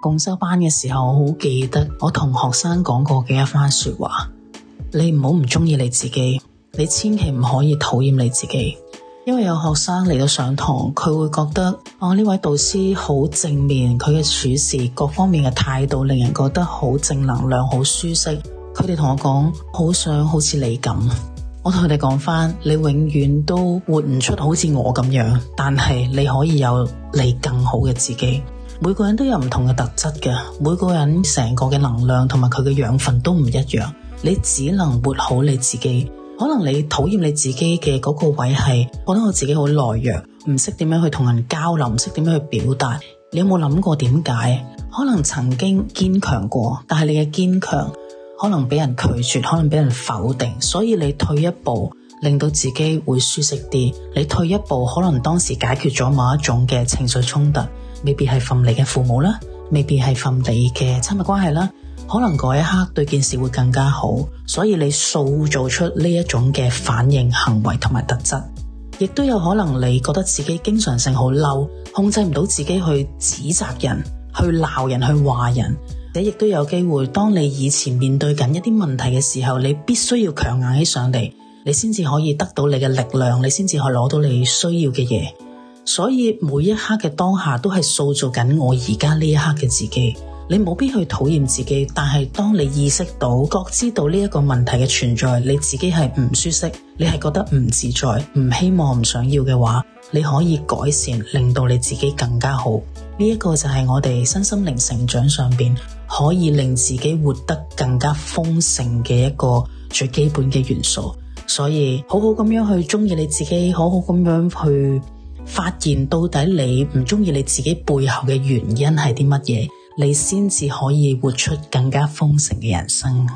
共修班嘅時候，我好記得我同學生講過嘅一番說話：你唔好唔鍾意你自己，你千祈唔可以討厭你自己。因為有學生嚟到上堂，佢會覺得哦呢位導師好正面，佢嘅處事各方面嘅態度令人覺得好正能量、好舒適。佢哋同我講，好想好似你咁。我同佢哋講返：你永遠都活唔出好似我咁樣，但係你可以有你更好嘅自己。每個人都有唔同嘅特質嘅，每個人成個嘅能量同埋佢嘅養分都唔一樣。你只能活好你自己。可能你討厭你自己嘅嗰個位係，覺得我自己好懦弱，唔識點樣去同人交流，唔識點樣去表達。你有冇諗過點解？可能曾經堅強過，但係你嘅堅強可能俾人拒絕，可能俾人否定。所以你退一步，令到自己會舒適啲。你退一步，可能當時解決咗某一種嘅情緒衝突。未必係份你嘅父母啦，未必係份你嘅親密關係啦，可能嗰一刻對件事會更加好，所以你塑造出呢一種嘅反應行為同埋特質，亦都有可能你覺得自己經常性好嬲，控制唔到自己去指責人、去鬧人、去話人，你亦都有機會，當你以前面對緊一啲問題嘅時候，你必須要強硬起上嚟，你先至可以得到你嘅力量，你先至可以攞到你需要嘅嘢。所以每一刻嘅當下都係塑造緊我而家呢一刻嘅自己。你冇必去討厭自己，但係當你意識到、覺知到呢一個問題嘅存在，你自己係唔舒適，你係覺得唔自在、唔希望、唔想要嘅話，你可以改善，令到你自己更加好。呢、這、一個就係我哋身心靈成長上邊可以令自己活得更加豐盛嘅一個最基本嘅元素。所以好好咁樣去中意你自己，好好咁樣去。發現到底你唔中意你自己背後嘅原因係啲乜嘢，你先至可以活出更加豐盛嘅人生。